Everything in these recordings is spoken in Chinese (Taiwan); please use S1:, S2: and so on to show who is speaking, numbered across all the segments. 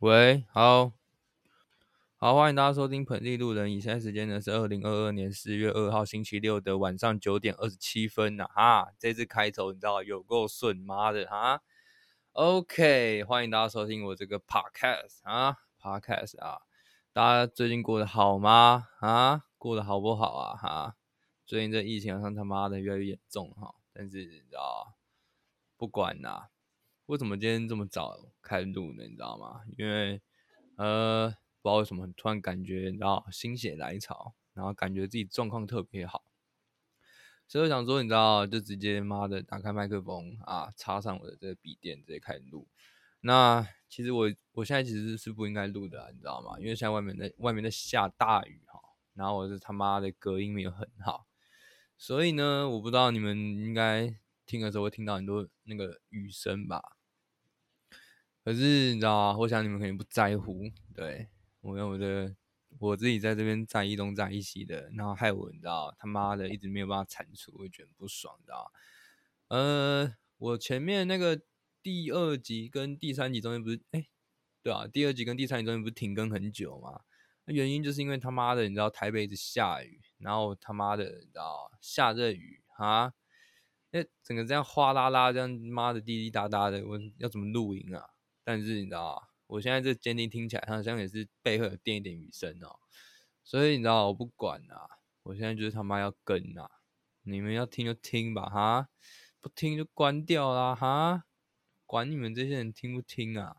S1: 喂，Hello? 好好歡迎大家收聽《本地路人》，以，以前時間呢是二零二二年4月二號星期六的晚上九點二十七分吶、啊。啊，這次開頭你知道有夠順，媽的哈 o、OK, k 歡迎大家收聽我這個 Podcast 啊，Podcast 啊，大家最近過得好嗎？啊，過得好不好啊？哈，最近這疫情好像他媽的越來越嚴重哈，但是你知道不管啦。為什麼今天這麼早開始錄呢？你知道嗎？因為呃，不知道為什麼突然感覺到心血來潮，然後感覺自己狀況特別好，所以我想說你知道就直接媽的打開麥克風啊，插上我的這個筆電，直接開始錄。那其實我我現在其實是不應該錄的，你知道嗎？因為現在外面在外面在下大雨哈，然後我是他媽的隔音沒有很好，所以呢，我不知道你們應該聽的時候會聽到很多那個雨聲吧。可是你知道，我想你們肯定不在乎。對，我跟我的，我自己在這邊在，在一東，在一西的，然後害我，你知道，他媽的一直沒有辦法剷除，我覺得不爽的。呃，我前面那個第二集跟第三集中間不是，哎、欸，對啊，第二集跟第三集中間不是停更很久嗎？那原因就是因為他媽的，你知道台北一直下雨，然後他媽的，你知道下熱雨啊，哎、欸，整個這樣嘩啦啦這樣媽的滴滴答答的，我要怎麼露營啊？但是你知道，我現在這監聽聽起來好像也是背後有墊一點雨聲哦、喔，所以你知道，我不管啦，我現在就是他媽要跟啦，你們要聽就聽吧，哈，不聽就關掉啦，哈，管你們這些人聽不聽啊？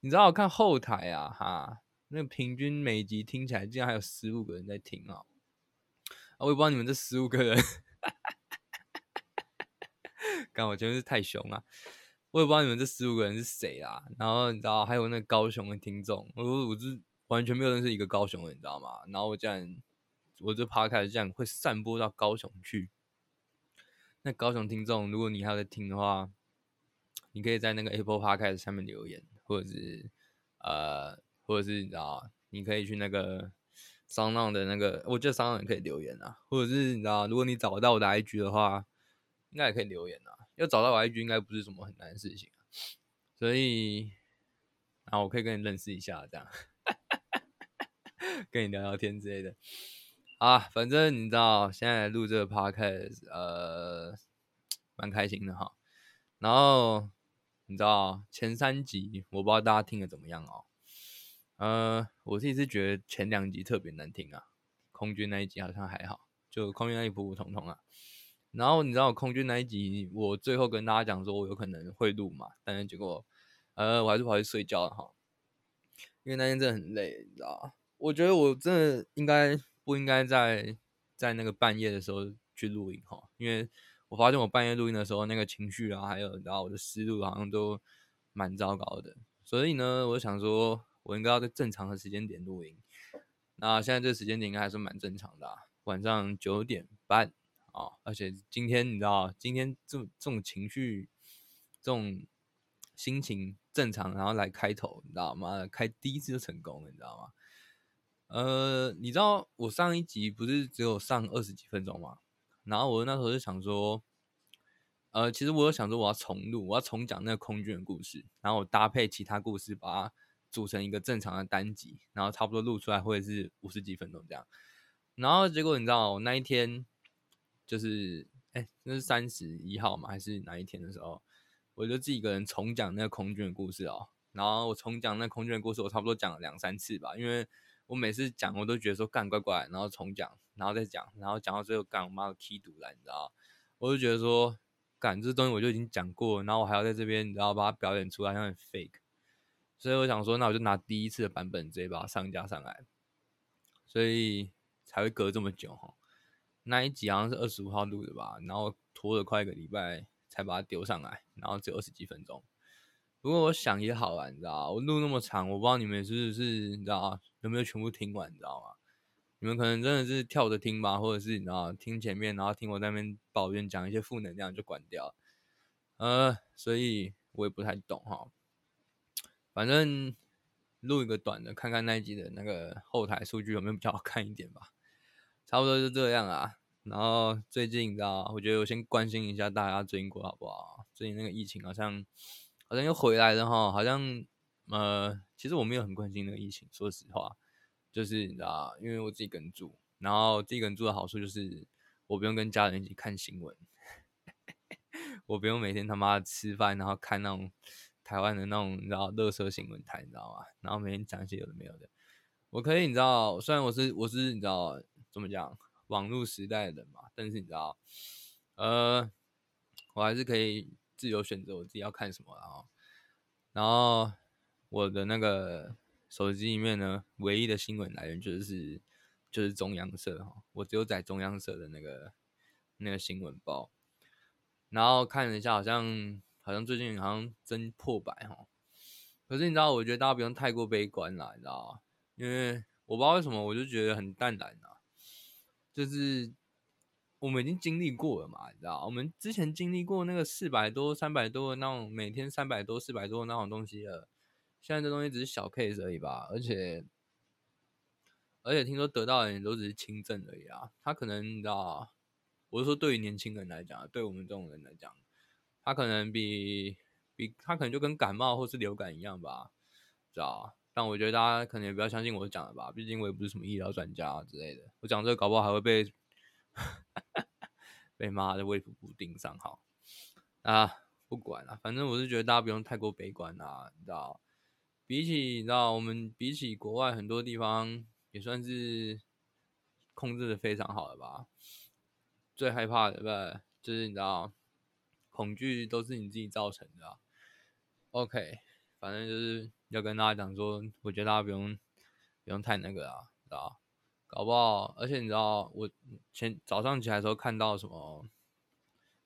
S1: 你知道，我看後台啊，哈，那平均每集聽起來竟然還有十五個人在聽哦、喔，啊、我也不知道你們這十五個人，幹， 我真是太兇啊。我也不知道你們這十五個人是誰啦，然後你知道，還有那個高雄的聽眾，我我是完全沒有認識一個高雄的，你知道嗎？然後我這樣，我就 p 開這樣會散播到高雄去。那高雄聽眾，如果你還在聽的話，你可以在那個 Apple Podcast 下面留言，或者是呃，或者是你知道，你可以去那個 Sound 的那個，我覺得 Sound 可以留言啊，或者是你知道，如果你找不到我的 IG 的話，那也可以留言啊。要找到我 IG 應該不是什麼很難的事情。所以，啊，我可以跟你認識一下，這樣，跟你聊聊天之類的。啊，反正你知道，現在錄這個 podcast 呃，蠻開心的哈。然後你知道，前三集我不知道大家聽的怎麼樣哦。呃，我自己是覺得前兩集特別難聽啊，空軍那一集好像還好，就空軍那裡普普通通啊。然後你知道，我空軍那一集，我最後跟大家講說，我有可能會錄嘛，但是結果，呃，我還是跑去睡覺了哈。因為那天真的很累，你知道吧？我覺得我真的應該不應該在在那個半夜的時候去錄音哈，因為我發現我半夜錄音的時候，那個情緒啊，還有然後我的思路好像都蠻糟糕的。所以呢，我想說我應該要在正常的時間點錄音。那現在這個時間點應該還是蠻正常的啊，晚上九點半。啊、哦！而且今天你知道，今天這這種情緒、這種心情正常，然後來開頭，你知道嗎？開第一次就成功了，你知道嗎？呃，你知道我上一集不是只有上二十幾分鐘嗎？然後我那時候就想說，呃，其實我有想說我要重錄，我要重講那個空軍的故事，然後我搭配其他故事，把它組成一個正常的單集，然後差不多錄出來會是五十幾分鐘這樣。然後結果你知道，我那一天。就是，哎、欸，那是三十一號嘛，還是哪一天的時候，我就自己一個人重講那個空軍的故事哦、喔。然後我重講那個空軍的故事，我差不多講了兩三次吧，因為我每次講我都覺得說幹怪怪，然後重講，然後再講，然後講到最後幹，我媽的吸毒了，你知道？我就覺得說幹，這東西我就已經講過了，然後我還要在這邊你知道把它表演出來，像很 fake。所以我想說，那我就拿第一次的版本直接把它上架上來，所以才會隔這麼久哈、喔。那一集好像是二十五號錄的吧，然後拖了快一個禮拜才把它丟上來，然後只有二十幾分鐘。不過我想也好玩啊，你知道，我錄那麼長，我不知道你們是不是，你知道，有沒有全部聽完，你知道嗎？你們可能真的是跳着聽吧，或者是你知道，聽前面，然後聽我在那邊抱怨講一些負能量就關掉。呃，所以我也不太懂哈。反正錄一個短的，看看那一集的那個後台數據有沒有比較好看一點吧。差不多就這樣啊，然後最近你知道，我覺得我先關心一下大家最近過好不好？最近那個疫情好像好像又回來了哈，好像呃，其實我沒有很關心那個疫情，說實話，就是你知道，因為我自己一個人住，然後自己一個人住的好處就是我不用跟家人一起看新聞， 我不用每天他媽吃飯然後看那種台灣的那種你知道垃圾新聞台你知道嗎？然後每天講一些有的沒有的，我可以你知道，雖然我是我是你知道。怎麼講？網絡時代的人嘛，但是你知道，呃，我還是可以自由選擇我自己要看什麼的哈。然後我的那個手機裡面呢，唯一的新聞來源就是就是中央社哈。我只有在中央社的那個那個新聞報，然後看了一下，好像好像最近好像真破百哈。可是你知道，我覺得大家不用太過悲觀了，你知道嗎？因為我不知道為什麼，我就覺得很淡然吶。就是我們已經經歷過了嘛，你知道？我們之前經歷過那個四百多、三百多那種每天三百多、四百多那種東西了。現在這東西只是小 case 而已吧？而且，而且聽說得到的人都只是輕症而已啊。他可能你知道，我是說，對於年輕人來講，對我們這種人來講，他可能比比他可能就跟感冒或是流感一樣吧，你知道？但我覺得大家可能也不要相信我講的吧，畢竟我也不是什麼醫療專家之類的。我講這個搞不好還會被 被罵的，微服不盯上哈。啊，不管了，反正我是覺得大家不用太過悲觀啊，你知道，比起你知道，我們比起國外很多地方也算是控制的非常好了吧。最害怕的不就是你知道，恐懼都是你自己造成的。OK。反正就是要跟大家講說，我覺得大家不用不用太那個啊，知道，搞不好，而且你知道我前早上起來的時候看到什麼？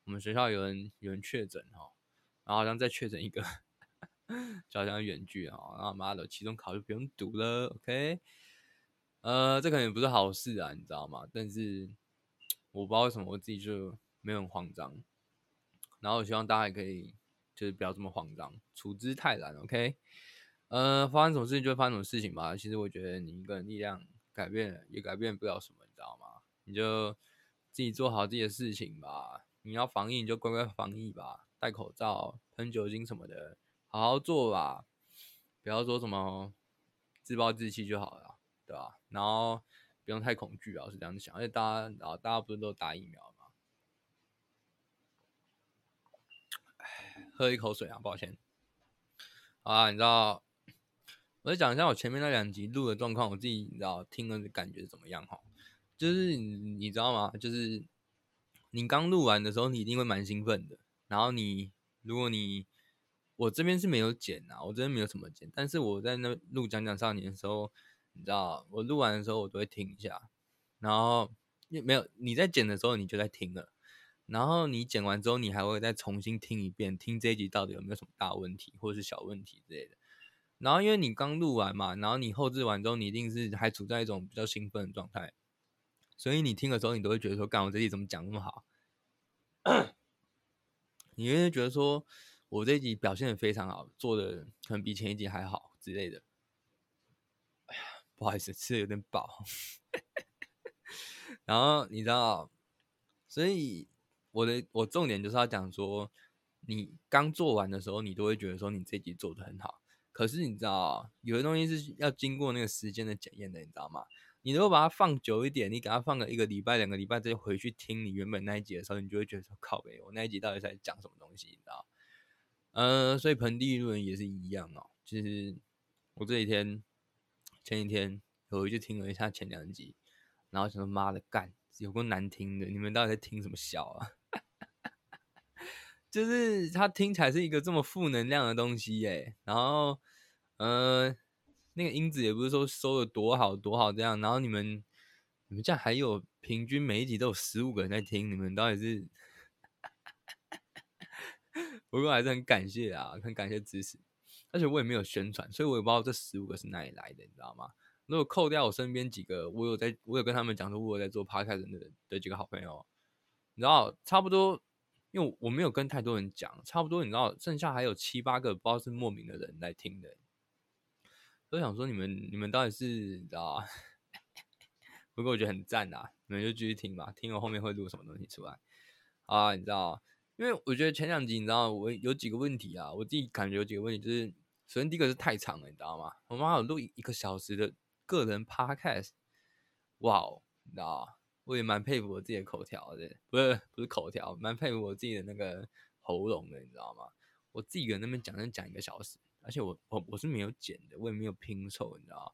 S1: 我們學校有人有人確診哈，然後好像再確診一個， 就好像遠距哈，然後媽的，期中考就不用讀了，OK？呃，這肯定不是好事啊，你知道嗎？但是我不知道為什麼我自己就沒有很慌張，然後我希望大家也可以。就是不要這麼慌張，處之泰然，OK。呃，發生什麼事情就發生什麼事情吧。其實我覺得你一個人力量改變也改變了不了什麼，你知道嗎？你就自己做好自己的事情吧。你要防疫，你就乖乖防疫吧，戴口罩、噴酒精什麼的，好好做吧。不要說什麼自暴自棄就好了，對吧？然後不用太恐懼啊，我是這樣想。而且大家，然後大家不是都打疫苗？喝一口水啊，抱歉。好啊，你知道，我再講一下我前面那兩集錄的狀況，我自己你知道聽了感覺是怎麼樣哈？就是你知道嗎？就是你剛錄完的時候，你一定會蠻興奮的。然後你如果你我這邊是沒有剪啊，我這邊沒有什麼剪，但是我在那錄講講少年的時候，你知道我錄完的時候我都會聽一下。然後沒有你在剪的時候，你就在聽了。然後你剪完之後，你還會再重新聽一遍，聽這一集到底有沒有什麼大問題或者是小問題之類的。然後因為你剛錄完嘛，然後你後製完之後，你一定是還處在一種比較興奮的狀態，所以你聽的時候，你都會覺得說：“幹，我這集怎麼講這麼好？” 你就會覺得說我這集表現得非常好，做得可能比前一集還好之類的。哎呀，不好意思，吃得有點飽。 然後你知道，所以。我的我重點就是要講說，你剛做完的時候，你都會覺得說你這一集做得很好。可是你知道，有些東西是要經過那個時間的檢驗的，你知道嗎？你如果把它放久一點，你給它放個一個禮拜、兩個禮拜，再回去聽你原本那一集的時候，你就會覺得說：“靠北，我那一集到底在講什麼東西？”你知道？嗯、呃，所以盆地路人也是一樣哦、喔。其實我這幾天，前幾天我就聽了一下前兩集，然後想說：“媽的，幹，有夠難聽的！你們到底在聽什麼小啊？”就是他聽起來是一個這麼負能量的東西耶、欸，然後，呃，那個音質也不是說收的多好多好這樣，然後你們你們這樣還有平均每一集都有十五個人在聽，你們到底是， 不過還是很感謝啊，很感謝支持，而且我也沒有宣傳，所以我也不知道這十五個是哪裡來的，你知道嗎？如果扣掉我身邊幾個，我有在，我有跟他們講說我有在做 podcast 的的幾個好朋友，你知道差不多。因為我沒有跟太多人講，差不多你知道，剩下還有七八個不知道是莫名的人來聽的，都想說你們你們到底是，你知道啊？不過我覺得很讚吶，你們就繼續聽吧，聽我後面會錄什麼東西出來啊，你知道？因為我覺得前兩集你知道我有幾個問題啊，我自己感覺有幾個問題，就是首先第一個是太長了，你知道嗎？我媽有錄一個小時的個人 podcast，哇，你知道啊？我也蠻佩服我自己的口條的，不是不是口條，蠻佩服我自己的那個喉嚨的，你知道嗎？我自己跟他們講，能講一個小時，而且我我我是沒有剪的，我也沒有拼湊，你知道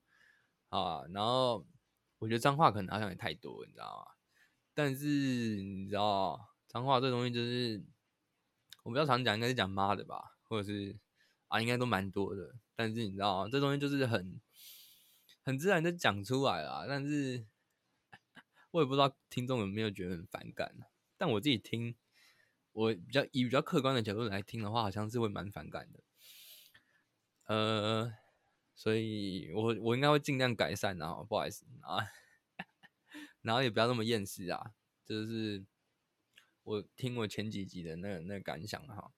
S1: 嗎？啊，然後我覺得髒話可能好像也太多，你知道嗎？但是你知道，髒話這東西就是我比較常講，應該是講媽的吧，或者是啊，應該都蠻多的。但是你知道，這東西就是很很自然的講出來啦，但是。我也不知道聽眾有沒有覺得很反感，但我自己聽，我比較以比較客觀的角度來聽的話，好像是會蠻反感的。呃，所以我我應該會盡量改善的、啊、哈，不好意思啊，然後， 然後也不要那麼厭世啊，就是我聽過前幾集的那個、那個、感想哈、啊，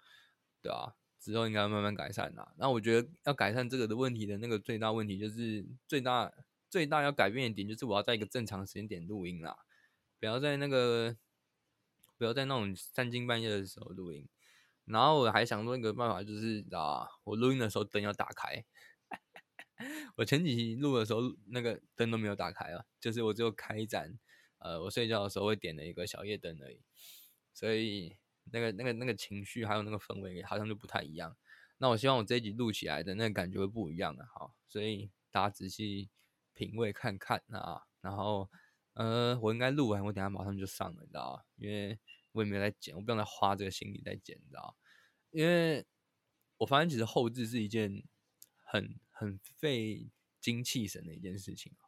S1: 對啊，之後應該慢慢改善啦、啊。那我覺得要改善這個的問題的那個最大問題就是最大。最大要改變的點就是我要在一個正常時間點錄音啦，不要在那個，不要在那種三更半夜的時候錄音。然後我還想說一個辦法，就是啊，我錄音的時候燈要打開。 我前幾期錄的時候那個燈都沒有打開啊，就是我只有開一盞，呃，我睡覺的時候會點的一個小夜燈而已。所以那個、那個、那個情緒還有那個氛圍好像就不太一樣。那我希望我這一集錄起來的那個感覺會不一樣的哈，所以大家仔細。品味看看啊，然後呃，我應該錄完，我等下馬上就上了，你知道，因為我也沒有在剪，我不用再花這個心力在剪，你知道，因為我發現其實後製是一件很很費精氣神的一件事情啊。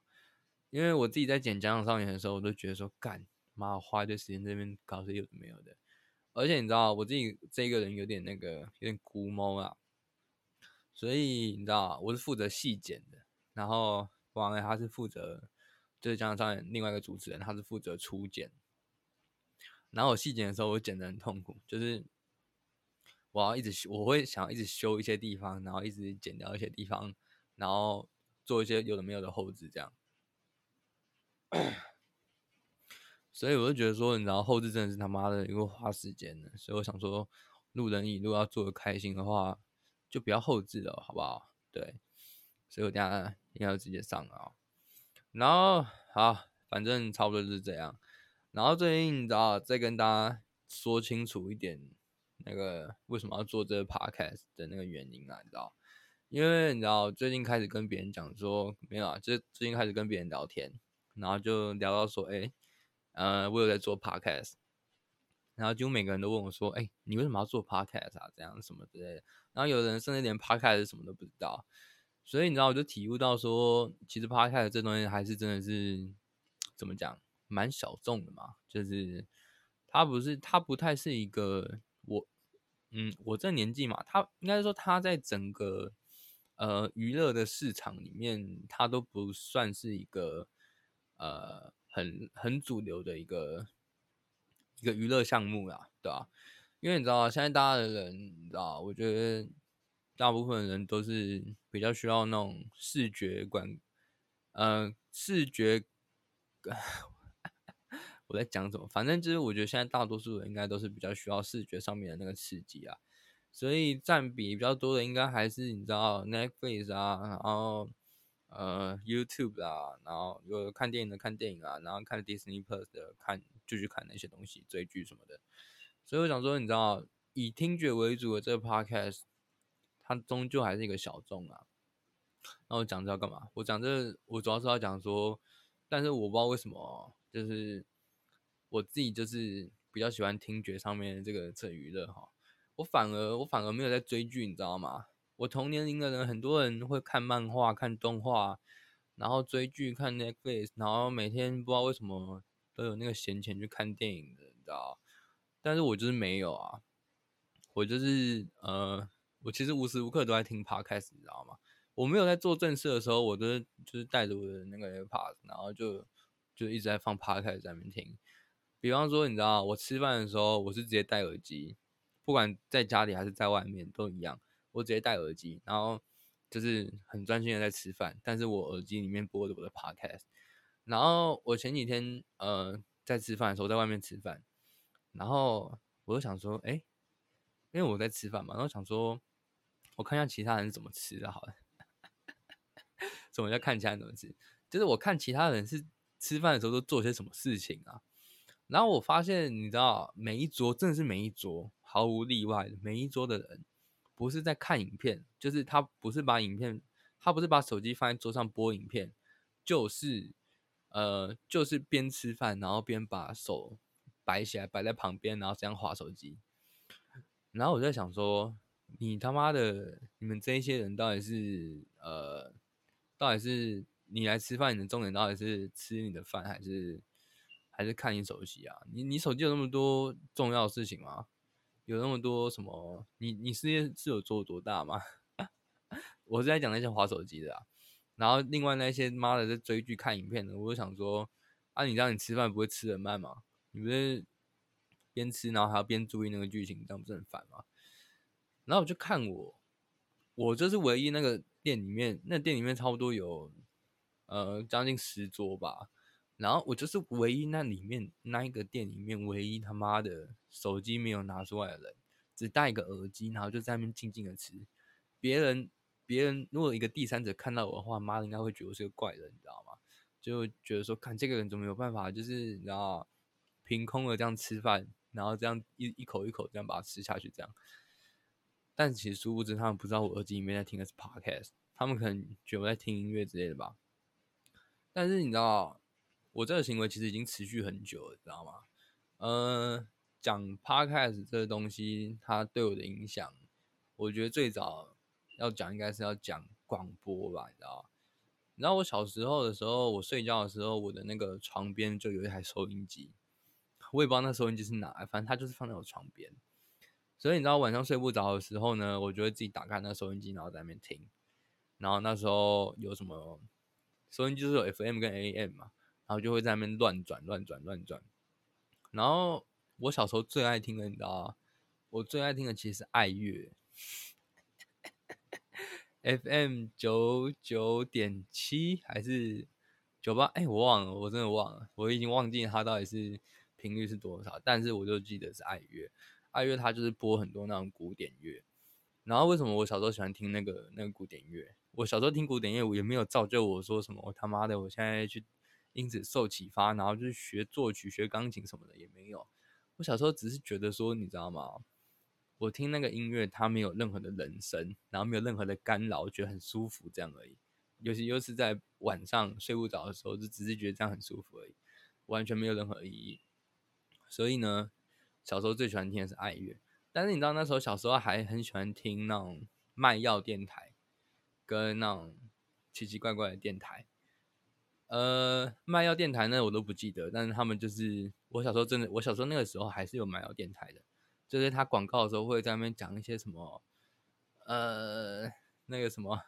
S1: 因為我自己在剪《江上少年》的時候，我都覺得說，幹嘛，我花這時間在這邊搞些有的沒有的。而且你知道，我自己這個人有點那個有點龜毛啊，所以你知道，我是負責細剪的，然後。王哎，不然他是負責就是加上另外一個主持人，他是負責初剪。然後我細剪的時候，我剪得很痛苦，就是我要一直修，我會想要一直修一些地方，然後一直剪掉一些地方，然後做一些有的沒有的後製這樣。 所以我就覺得說，你知道後後製真的是他媽的又花時間的，所以我想說，路人乙路要做的開心的話，就不要後製了，好不好？對，所以我等一下。應該直接上了啊、喔，然後好，反正差不多就是這樣。然後最近你知道，再跟大家說清楚一點，那個為什麼要做這個 podcast 的那個原因啊，你知道？因為你知道，最近開始跟別人講說，沒有啊，就最近開始跟別人聊天，然後就聊到說，哎、欸，呃，我有在做 podcast，然後就每個人都問我說，哎、欸，你為什麼要做 podcast 啊？這樣什麼之類的。然後有的人甚至連 podcast 什麼都不知道。所以你知道，我就體悟到說，其實 Podcast 這東西還是真的是怎麼講，蠻小眾的嘛。就是它不是，它不太是一個我，嗯，我這年紀嘛，它應該是說，它在整個呃娛樂的市場裡面，它都不算是一個呃很很主流的一個一個娛樂項目啦，對吧、啊？因為你知道，現在大家的人，你知道，我覺得。大部分人都是比較需要那種視覺管，呃，視覺，我在講什麼？反正就是我覺得現在大多數人應該都是比較需要視覺上面的那個刺激啊，所以佔比比較多的應該還是你知道 Netflix 啊，然後呃 YouTube 啊，然後有看電影的看電影啊，然後看 Disney Plus 的看就去看那些東西追劇什麼的。所以我想說，你知道以聽覺為主的這個 Podcast。它終究還是一個小眾啊。那我講這要幹嘛？我講這，我主要是要講說，但是我不知道為什麼，就是我自己就是比較喜歡聽覺上面的這個這娛樂哈。我反而我反而沒有在追劇，你知道嗎？我同年齡的人很多人會看漫畫、看動畫，然後追劇、看 Netflix，然後每天不知道為什麼都有那個閒錢去看電影的，你知道？但是我就是沒有啊，我就是呃。我其實無時無刻都在聽 Podcast，你知道嗎？我沒有在做正事的時候，我都是就是帶着、就是、我的那個 AirPods，然後就就一直在放 Podcast 在那邊聽。比方說，你知道我吃飯的時候，我是直接戴耳機，不管在家裡還是在外面都一樣，我直接戴耳機，然後就是很專心的在吃飯，但是我耳機裡面播着我的 Podcast。然後我前幾天呃在吃飯的時候，在外面吃飯，然後我就想說，哎、欸，因為我在吃飯嘛，然後想說。我看一下其他人是怎麼吃的，好了，什麼叫看其他人怎麼吃？就是我看其他人是吃飯的時候都做些什麼事情啊？然後我發現，你知道，每一桌真的是每一桌，毫無例外的，每一桌的人不是在看影片，就是他不是把影片，他不是把手機放在桌上播影片，就是呃，就是邊吃飯，然後邊把手擺起來擺在旁邊，然後這樣滑手機。然後我就在想說。你他媽的，你們這一些人到底是呃，到底是你來吃飯，你的重點到底是吃你的飯，還是還是看你手機啊？你你手機有那麼多重要的事情嗎？有那麼多什麼？你你事業是有做多大嗎？ 我是在講那些滑手機的啊，然後另外那些媽的在追劇看影片的，我就想說啊，你讓你吃飯不會吃得慢嗎？你不是邊吃然後還要邊注意那個劇情，這樣不是很煩嗎？然後我就看我，我就是唯一那個店裡面，那店裡面差不多有，呃，將近十桌吧。然後我就是唯一那裡面那一個店裡面唯一他媽的手機沒有拿出來的人，只戴一個耳機，然後就在那邊靜靜的吃。別人別人如果一個第三者看到我的話，媽的應該會覺得我是個怪人，你知道嗎？就覺得說，看這個人怎麼有辦法，就是然後憑空的這樣吃飯，然後這樣一一口一口這樣把它吃下去，這樣。但其實殊不知，他們不知道我耳機裡面在聽的是 podcast，他們可能覺得我在聽音樂之類的吧。但是你知道，我這個行為其實已經持續很久了，你知道嗎？嗯、呃，講 podcast 這個東西，它對我的影響，我覺得最早要講應該是要講廣播吧，你知道？你知道我小時候的時候，我睡覺的時候，我的那個床邊就有一台收音機，我也不知道那收音機是哪，反正它就是放在我床邊。所以你知道晚上睡不着的時候呢，我就會自己打開那收音機，然後在那邊聽。然後那時候有什麼收音機，就是有 FM 跟 AM 嘛，然後就會在那邊亂轉、亂轉、亂轉。然後我小時候最愛聽的，你知道嗎？我最愛聽的其實是愛樂 FM 九九點七還是九八？哎，我忘了，我真的忘了，我已經忘記了它到底是頻率是多少，但是我就記得是愛樂。愛樂它就是播很多那種古典樂，然後為什麼我小時候喜歡聽那個那個古典樂？我小時候聽古典樂，我也沒有造就我說什麼我他媽的，我現在去因此受啟發，然後就是學作曲、學鋼琴什麼的也沒有。我小時候只是覺得說，你知道嗎？我聽那個音樂，它沒有任何的人聲，然後沒有任何的干擾，我覺得很舒服，這樣而已。尤其又是在晚上睡不着的時候，就只是覺得這樣很舒服而已，完全沒有任何意義。所以呢，小時候最喜歡聽的是愛樂，但是你知道那時候小時候還很喜歡聽那種賣藥電台跟那種奇奇怪怪的電台。呃，賣藥電台呢，我都不記得，但是他們就是我小時候真的，我小時候那個時候還是有賣藥電台的，就是他廣告的時候會在那邊講一些什麼，呃，那個什麼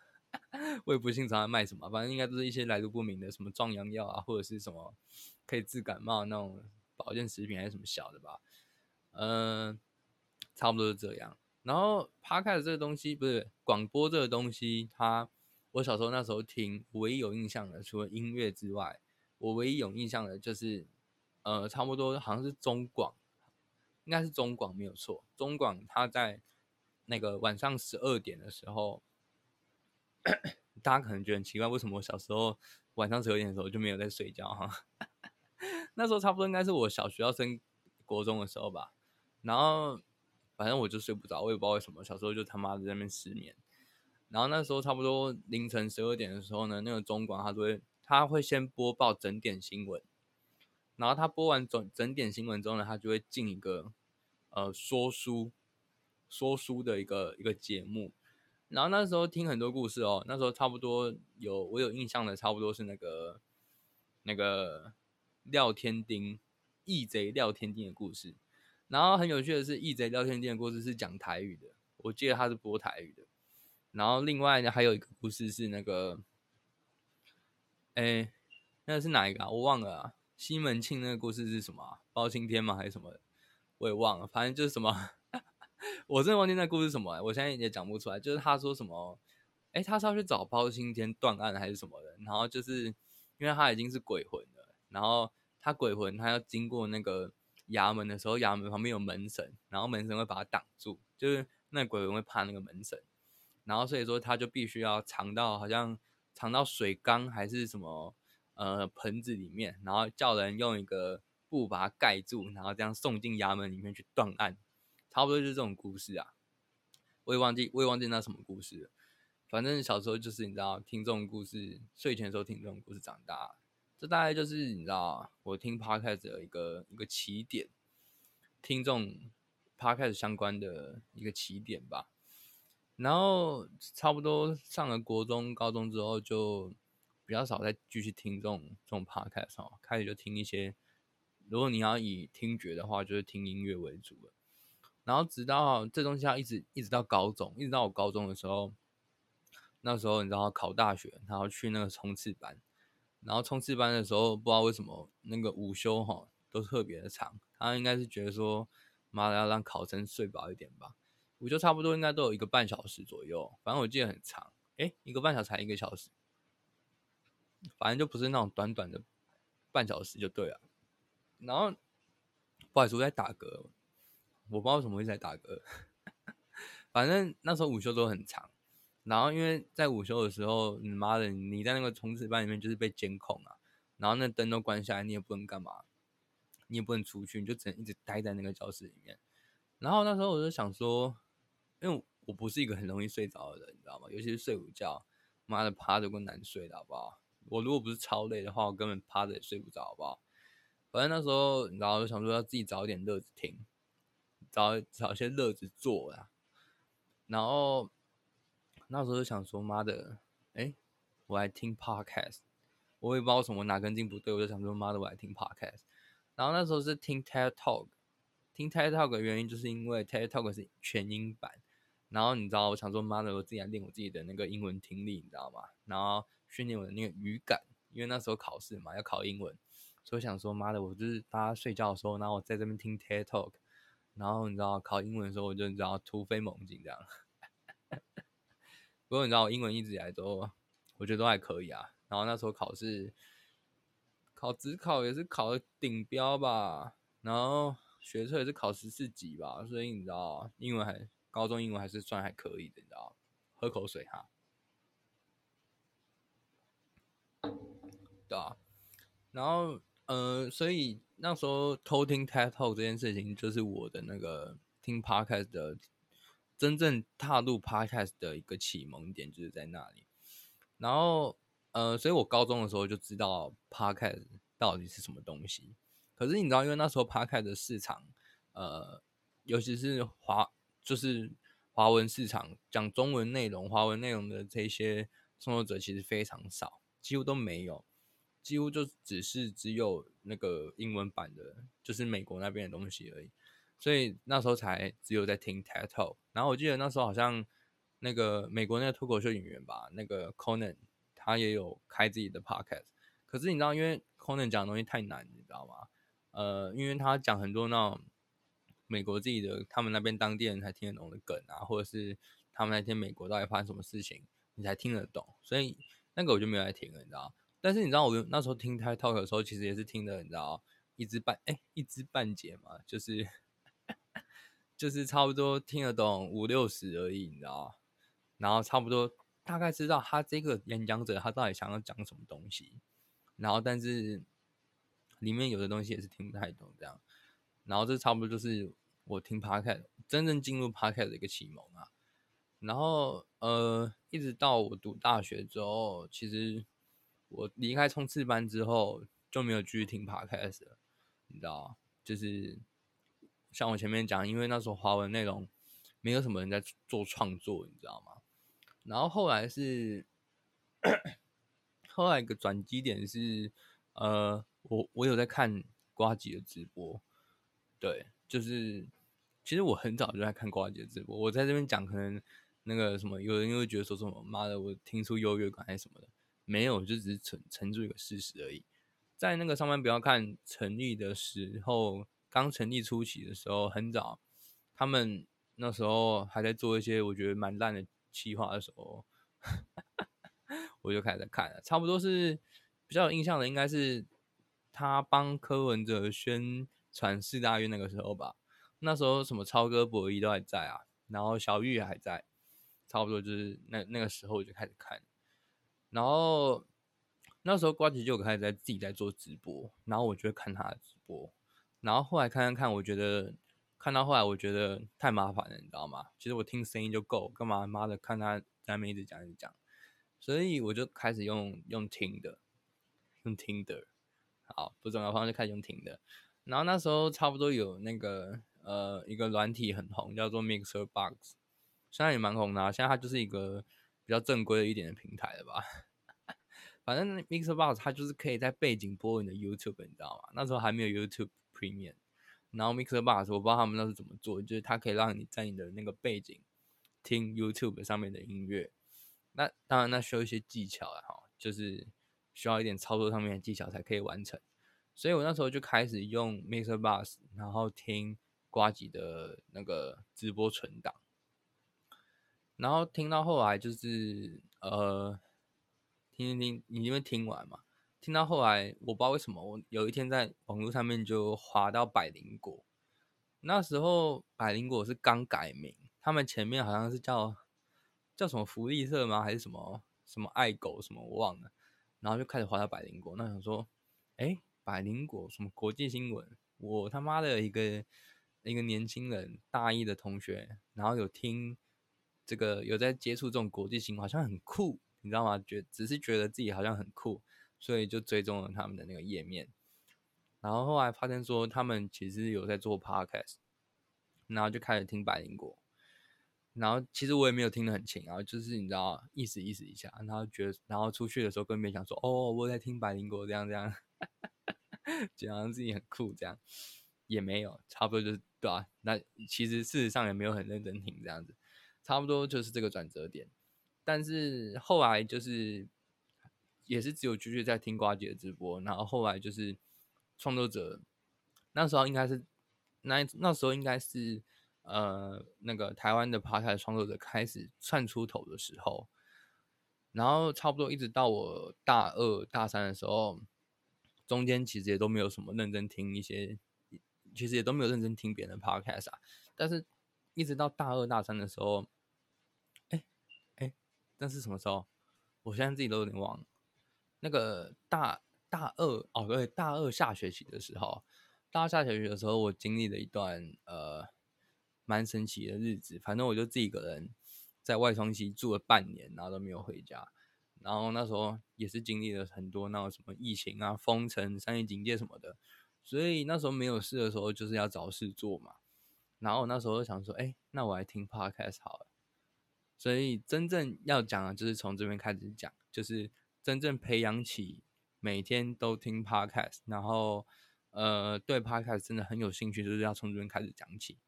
S1: 我也不清楚他賣什麼，反正應該都是一些來路不明的什麼壯陽藥啊，或者是什麼可以治感冒那種保健食品，還是什麼小的吧。嗯、呃，差不多是這樣。然後，趴開的這個東西不是廣播這個東西，它我小時候那時候聽，唯一有印象的，除了音樂之外，我唯一有印象的就是，呃，差不多好像是中廣，應該是中廣沒有錯。中廣它在那個晚上十二點的時候咳咳，大家可能覺得很奇怪，為什麼我小時候晚上十二點的時候就沒有在睡覺哈？那時候差不多應該是我小學要升國中的時候吧。然後，反正我就睡不着，我也不知道為什麼。小時候就他媽在那邊失眠。然後那時候差不多凌晨十二點的時候呢，那個中廣他就會，他會先播報整點新聞。然後他播完整整點新聞之後呢，他就會進一個呃說書，說書的一個一個節目。然後那時候聽很多故事哦，那時候差不多有我有印象的，差不多是那個那個廖添丁義賊、e、廖添丁的故事。然後很有趣的是，《義賊廖添丁》的故事是講台語的，我記得他是播台語的。然後另外呢，還有一個故事是那個，哎，那個是哪一個啊？我忘了、啊。西門慶那個故事是什麼、啊？包青天嗎？還是什麼？我也忘了。反正就是什麼，呵呵我真的忘記那個故事是什麼了、欸。我現在也講不出來。就是他說什麼，哎，他是要去找包青天斷案還是什麼的？然後就是因為他已經是鬼魂了，然後他鬼魂他要經過那個。衙門的時候，衙門旁邊有門神，然後門神會把它擋住，就是那鬼魂會怕那個門神，然後所以說他就必須要藏到好像藏到水缸還是什麼呃盆子裡面，然後叫人用一個布把它蓋住，然後這樣送進衙門裡面去斷案，差不多就是這種故事啊。我也忘記，我也忘記那什麼故事了。反正小時候就是你知道聽這種故事，睡前的時候聽這種故事，長大。這大概就是你知道，我聽 Podcast 的一個一個起點，聽眾 Podcast 相關的一個起點吧。然後差不多上了國中、高中之後，就比較少再繼續聽這種這種 Podcast 哦，開始就聽一些。如果你要以聽覺的話，就是聽音樂為主了。然後直到這東西，要一直一直到高中，一直到我高中的時候，那時候你知道考大學，然後去那個衝刺班。然後衝刺班的時候，不知道為什麼那個午休哈都特別的長，他應該是覺得說，媽的要讓考生睡飽一點吧。午休差不多應該都有一個半小時左右，反正我記得很長。誒，一個半小時還一個小時，反正就不是那種短短的半小時就對了。然後不好意思，我在打嗝，我不知道為什麼會在打嗝， 反正那時候午休都很長。然後因為在午休的時候，你媽的你在那個衝刺班裡面就是被監控啊，然後那燈都關下來，你也不能幹嘛，你也不能出去，你就只能一直待在那個教室裡面。然後那時候我就想說，因為我，我不是一個很容易睡着的人，你知道嗎？尤其是睡午覺，媽的趴着更難睡的，好不好？我如果不是超累的話，我根本趴着也睡不着，好不好？反正那時候然後就想說要自己找一點樂子聽，找找些樂子做呀，啊，然後。那時候就想說媽的，哎、欸，我還聽 Podcast，我也不知道我什麼哪根筋不對，我就想說媽的我還聽 Podcast。然後那時候是聽 TED Talk，聽 TED Talk 的原因就是因為 TED Talk 是全英版。然後你知道我想說媽的，我自己還練我自己的那個英文聽力，你知道嗎？然後訓練我的那個語感，因為那時候考試嘛要考英文，所以想說媽的，我就是大家睡覺的時候，然後我在這邊聽 TED Talk，然後你知道考英文的時候，我就你知道突飛猛進這樣。不過你知道，我英文一直以來都，我覺得都還可以啊。然後那時候考試，考只考也是考了頂標吧。然後學測也是考十四級吧。所以你知道，英文還高中英文還是算還可以的。你知道，喝口水哈。對啊。然後呃，所以那時候偷聽 TED Talk 這件事情，就是我的那個聽 podcast 的。真正踏入 Podcast 的一個啟蒙點就是在那裡，然後，呃，所以我高中的時候就知道 Podcast 到底是什麼東西。可是你知道，因為那時候 Podcast 的市場，呃，尤其是華，就是華文市場講中文內容、華文內容的這些創作者其實非常少，幾乎都沒有，幾乎就只是只有那個英文版的，就是美國那邊的東西而已。所以那時候才只有在聽 TED Talk，然後我記得那時候好像那個美國那個脫口秀演員吧，那個 Conan 他也有開自己的 Podcast，可是你知道，因為 Conan 講的東西太難，你知道嗎？呃，因為他講很多那種美國自己的，他們那邊當地人才聽得懂的梗啊，或者是他們那天美國到底發生什麼事情你才聽得懂，所以那個我就沒有在聽了，你知道？但是你知道，我那時候聽 TED Talk 的時候，其實也是聽得，你知道，一知半哎、欸、一知半解嘛，就是。就是差不多聽得懂五六十而已，你知道，然後差不多大概知道他這個演講者他到底想要講什麼東西，然後但是裡面有的東西也是聽不太懂這樣。然後這差不多就是我聽 Podcast 真正進入 Podcast 的一個啟蒙啊。然後呃，一直到我讀大學之後，其實我離開衝刺班之後就沒有繼續聽 Podcast 了，你知道，就是。像我前面講，因為那時候華文內容沒有什麼人在做創作，你知道嗎？然後後來是 後來一個轉機點是，呃，我我有在看呱吉的直播，對，就是其實我很早就在看呱吉的直播。我在這邊講，可能那個什麼有人又會覺得說什麼媽的，我聽出優越感還是什麼的，沒有，就只是純陳述一個事實而已。在那個上班不要看成立的時候。剛成立初期的時候，很早，他們那時候還在做一些我覺得蠻爛的企劃的時候， 我就開始看了，差不多是比較有印象的，應該是他幫柯文哲宣傳世大運那個時候吧。那時候什麼超哥、博弈都還在啊，然後小玉還在，差不多就是那那個時候我就開始看。然後那時候呱吉就開始在自己在做直播，然後我就會看他的直播。然後後來看看看，我覺得看到後來我覺得太麻煩了，你知道嗎？其實我聽聲音就夠，幹嘛媽、媽的看他在那邊一直講一直講，所以我就開始用用聽的，用聽的好，不怎麼反正就開始用聽的。然後那時候差不多有那個呃一個軟體很紅，叫做 Mixer Box，現在也蠻紅的，啊。現在它就是一個比較正規的一點的平台了吧？ 反正 Mixer Box 它就是可以在背景播你的 YouTube，你知道嗎？那時候還沒有 YouTube。平面，然後 MixerBox 我不知道他們那時候怎麼做，就是它可以讓你在你的那個背景聽 YouTube 上面的音樂。那當然，那需要一些技巧啊，就是需要一點操作上面的技巧才可以完成。所以我那時候就開始用 MixerBox，然後聽呱吉的那個直播存檔，然後聽到後來就是呃，聽聽聽，你因為聽完嘛。聽到後來，我不知道為什麼，我有一天在網絡上面就滑到百靈果。那時候，百靈果是剛改名，他們前面好像是叫叫什麼福利社嗎？還是什麼什麼愛狗什麼？我忘了。然後就開始滑到百靈果，那想說，哎、欸，百靈果什麼國際新聞？我他媽的一個一個年輕人大一的同學，然後有聽這個，有在接觸這種國際新聞，好像很酷，你知道嗎？覺只是覺得自己好像很酷。所以就追蹤了他們的那個頁面，然後後來發現說他們其實有在做 podcast，然後就開始聽百靈果，然後其實我也沒有聽得很清，然後就是你知道意思，意思一下，然後覺得，然後出去的時候跟別人講說哦，我在聽百靈果這樣這樣，覺得 好像自己很酷這樣，也沒有差不多就是對啊。那其實事實上也沒有很認真聽這樣子，差不多就是這個轉折點，但是後來就是。也是只有繼續在聽呱吉的直播，然後後來就是創作者那時候應該是那那時候應該是呃那個台灣的 podcast 創作者開始竄出頭的時候，然後差不多一直到我大二大三的時候，中間其實也都沒有什麼認真聽一些，其實也都沒有認真聽別人的 podcast 啊，但是一直到大二大三的時候，哎哎，那是什麼時候我現在自己都有點忘了。那個大大二哦，對，大二下學期的時候，大二下學期的時候，我經歷了一段呃蠻神奇的日子。反正我就自己一個人在外雙溪住了半年，然後都沒有回家。然後那時候也是經歷了很多，那個什麼疫情啊、封城、三級警戒什麼的。所以那時候沒有事的時候，就是要找事做嘛。然後那時候就想說，哎，那我還聽 Podcast 好了。所以真正要講的，就是從這邊開始講，就是。真正培養起每天都聽 Podcast，然後呃對 Podcast 真的很有興趣，就是要從這邊開始講起，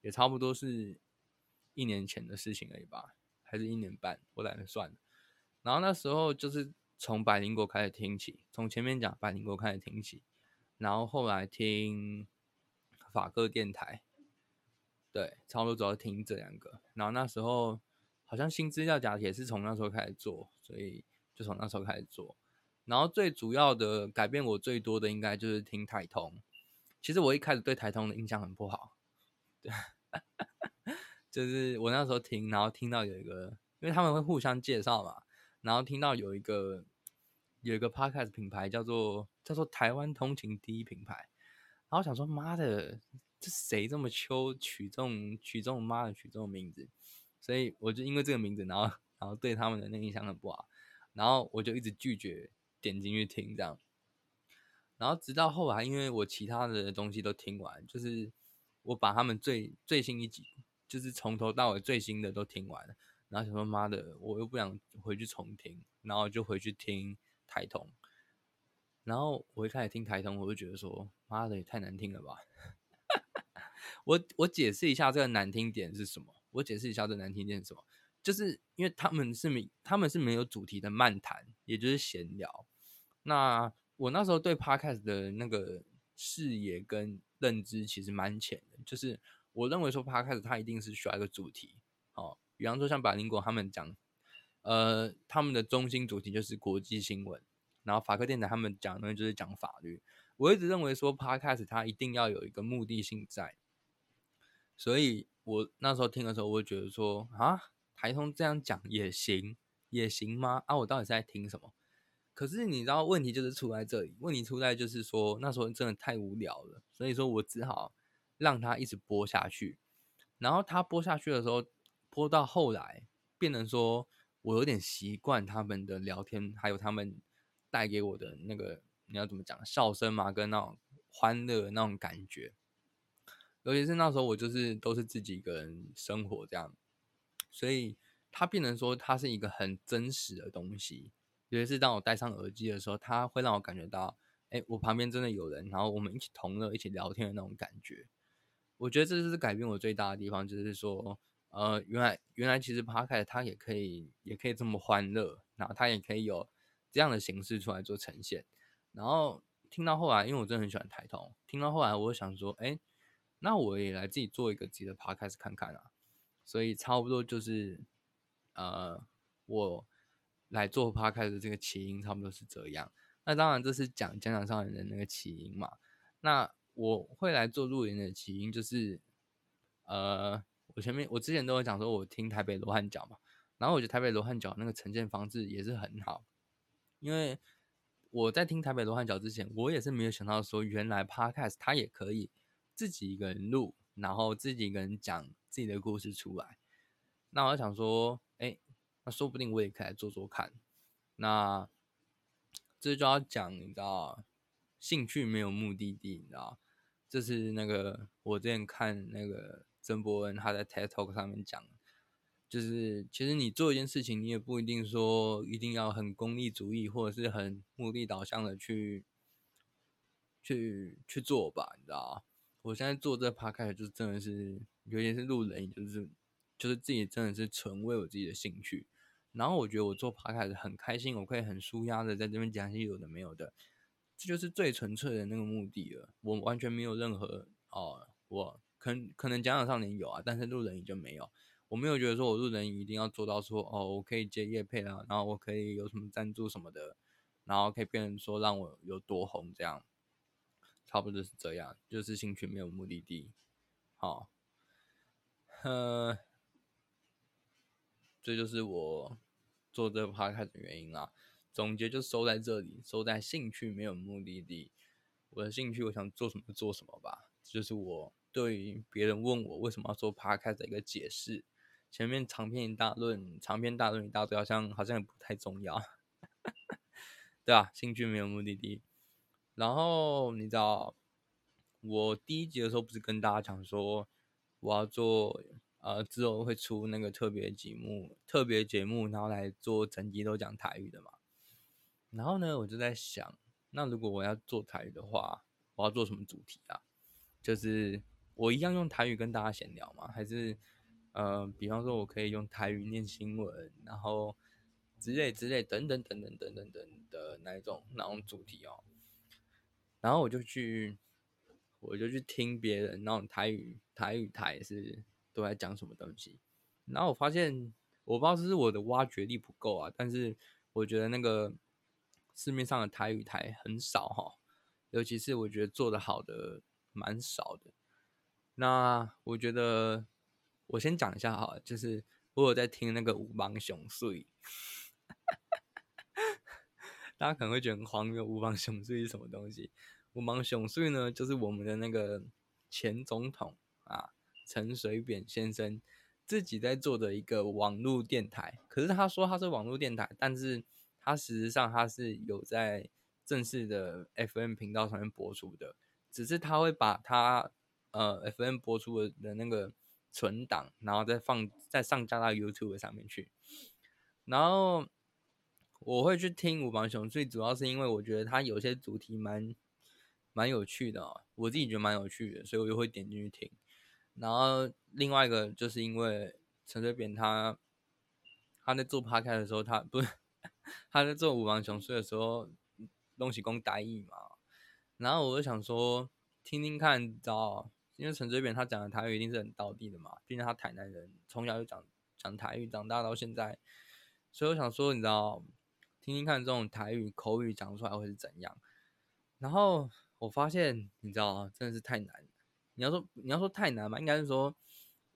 S1: 也差不多是一年前的事情而已吧，還是一年半，我懶得算了。然後那時候就是從百靈果開始聽起，從前面講百靈果開始聽起，然後後來聽法客電台，對，差不多主要聽這兩個。然後那時候好像新資料夾也是從那時候開始做，所以，就從那時候開始做，然後最主要的改變我最多的應該就是聽台通。其實我一開始對台通的印象很不好，對， 就是我那時候聽，然後聽到有一個，因為他們會互相介紹嘛，然後聽到有一個有一個 podcast 品牌叫做叫做台灣通勤第一品牌，然後想說媽的，這誰這麼秋，取這種取這種媽的取這種名字，所以我就因為這個名字，然後然後對他們的那個印象很不好。然後我就一直拒絕點進去聽這樣，然後直到後來，因為我其他的東西都聽完，就是我把他們最最新一集，就是從頭到尾最新的都聽完了，然後想說媽的，我又不想回去重聽，然後就回去聽台通。然後我一開始聽台通，我就覺得說媽的也太難聽了吧！ 我我解釋一下這個難聽點是什麼，我解釋一下這個難聽點是什麼。就是因為他們是沒，他們是沒有主題的漫談，也就是閒聊。那我那時候對 Podcast 的那個視野跟認知其實蠻淺的，就是我認為說 Podcast 它一定是需要一個主題，哦，比方說像百靈果他們講，呃，他們的中心主題就是國際新聞，然後法克電台他們講的東西就是講法律。我一直認為說 Podcast 它一定要有一個目的性在，所以我那時候聽的時候，我會覺得說啊。台通這樣講也行，也行嗎？啊，我到底是在聽什麼？可是你知道問題就是出在這裡，問題出在就是說那時候真的太無聊了，所以說我只好讓他一直播下去。然後他播下去的時候，播到後來變成說我有點習慣他們的聊天，還有他們帶給我的那個你要怎麼講笑聲嘛，跟那種歡樂那種感覺。尤其是那時候我就是都是自己一個人生活這樣。所以它變成說，它是一個很真實的東西。尤其是當我戴上耳機的時候，它會讓我感覺到，哎、欸，我旁邊真的有人，然後我們一起同樂、一起聊天的那種感覺。我覺得這就是改變我最大的地方，就是說，呃，原來原來其實 Podcast 它也可以，也可以這麼歡樂，然後它也可以有這樣的形式出來做呈現。然後聽到後來，因為我真的很喜歡台通，聽到後來我想說，哎、欸，那我也來自己做一個自己的 Podcast 看看啊。所以差不多就是，呃，我來做 podcast 的這個起因差不多是這樣。那當然這是講《講講上年》的那個起因嘛。那我會來做錄音的起因就是，呃，我前面我之前都有講說，我聽台北羅漢腳嘛，然後我覺得台北羅漢腳那個呈現方式也是很好。因為我在聽台北羅漢腳之前，我也是沒有想到說，原來 podcast 它也可以自己一個人錄，然後自己一個人講。自己的故事出來，那我想說，哎、欸，那說不定我也可以來做做看。那這就要講，你知道，興趣沒有目的地，你知道，這是那個我之前看那個曾伯恩他在 TED Talk 上面講，就是其實你做一件事情，你也不一定說一定要很功利主義或者是很目的導向的去去去做吧，你知道。我現在做這 Podcast 就真的是，有點是路人,就是就是自己真的是純為我自己的興趣。然後我覺得我做 Podcast 的很開心，我可以很舒壓的在這邊講一些有的沒有的，這就是最純粹的那個目的了。我完全沒有任何哦，我可可能講場上面有啊，但是路人已經沒有。我沒有覺得說我路人一定要做到說哦，我可以接業配啊，然後我可以有什麼贊助什麼的，然後可以變成說讓我有多紅這樣。差不多是這樣，就是興趣沒有目的地，好，呃，這就是我做這個 podcast 的原因啦。總結就收在這裡，收在興趣沒有目的地。我的興趣，我想做什麼做什麼吧，這就是我對於別人問我為什麼要做 podcast 的一個解釋。前面長篇大論，長篇大論一大堆，好像好像也不太重要， 對吧、啊？興趣沒有目的地。然後你知道，我第一集的時候不是跟大家講說，我要做呃之後會出那個特別節目，特別節目，然後來做整集都講台語的嘛。然後呢，我就在想，那如果我要做台語的話，我要做什麼主題啊？就是我一樣用台語跟大家閒聊嗎？還是呃，比方說我可以用台語念新聞，然後之類之類等等等等等等等的那種那種主題哦？然後我就去，我就去聽別人那種台語台語台是都在講什麼東西。然後我發現，我不知道是不是我的挖掘力不夠啊，但是我覺得那個市面上的台語台很少哈，尤其是我覺得做得好的蠻少的。那我覺得我先講一下哈，就是我有在聽那個吳邦雄碎， 大家可能會覺得很荒謬，吳邦雄碎是什麼東西？五芒雄穗，所以呢，就是我們的那個前總統啊，陳水扁先生自己在做的一個網絡電台。可是他說他是網絡電台，但是他實際上他是有在正式的 FM 頻道上面播出的，只是他會把他呃 FM 播出的的那個存檔，然後再放在上架到 YouTube 上面去。然後我會去聽五芒雄穗，最主要是因為我覺得他有些主題蠻。蠻有趣的哦，我自己覺得蠻有趣的，所以我就會點進去聽。然後另外一個就是因為陳水扁他他在做 Podcast 的時候，他不是他在做武王雄說的時候，東西功帶意嘛。然後我就想說，聽聽看，知道，因為陳水扁他講的台語一定是很道地的嘛，畢竟他台南人，從小就講講台語，長大到現在，所以我想說，你知道，聽聽看這種台語口語講出來會是怎樣？然後。我發現，你知道嗎？真的是太難。你要說你要說太難嘛？應該是說，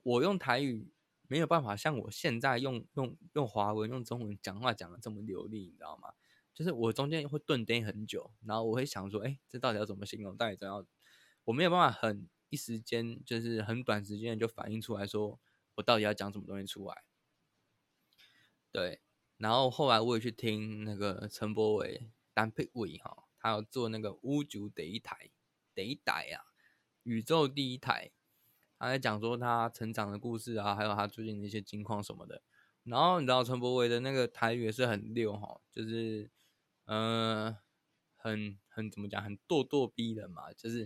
S1: 我用台語沒有辦法像我現在用用用華文用中文講話講得這麼流利，你知道嗎？就是我中間會頓呆很久，然後我會想說，哎、欸，這到底要怎麼形容？到底怎樣？我沒有辦法很一時間，就是很短時間就反應出來說，我到底要講什麼東西出來。對，然後後來我也去聽那個陳柏偉單配位哈。還有做那個屋主第一台，第一台啊，宇宙第一台。他在講說他成長的故事啊，還有他最近的一些近況什麼的。然後你知道陳柏惟的那個台語也是很溜吼，就是，嗯、呃、很很怎麼講，很咄咄逼的嘛。就是，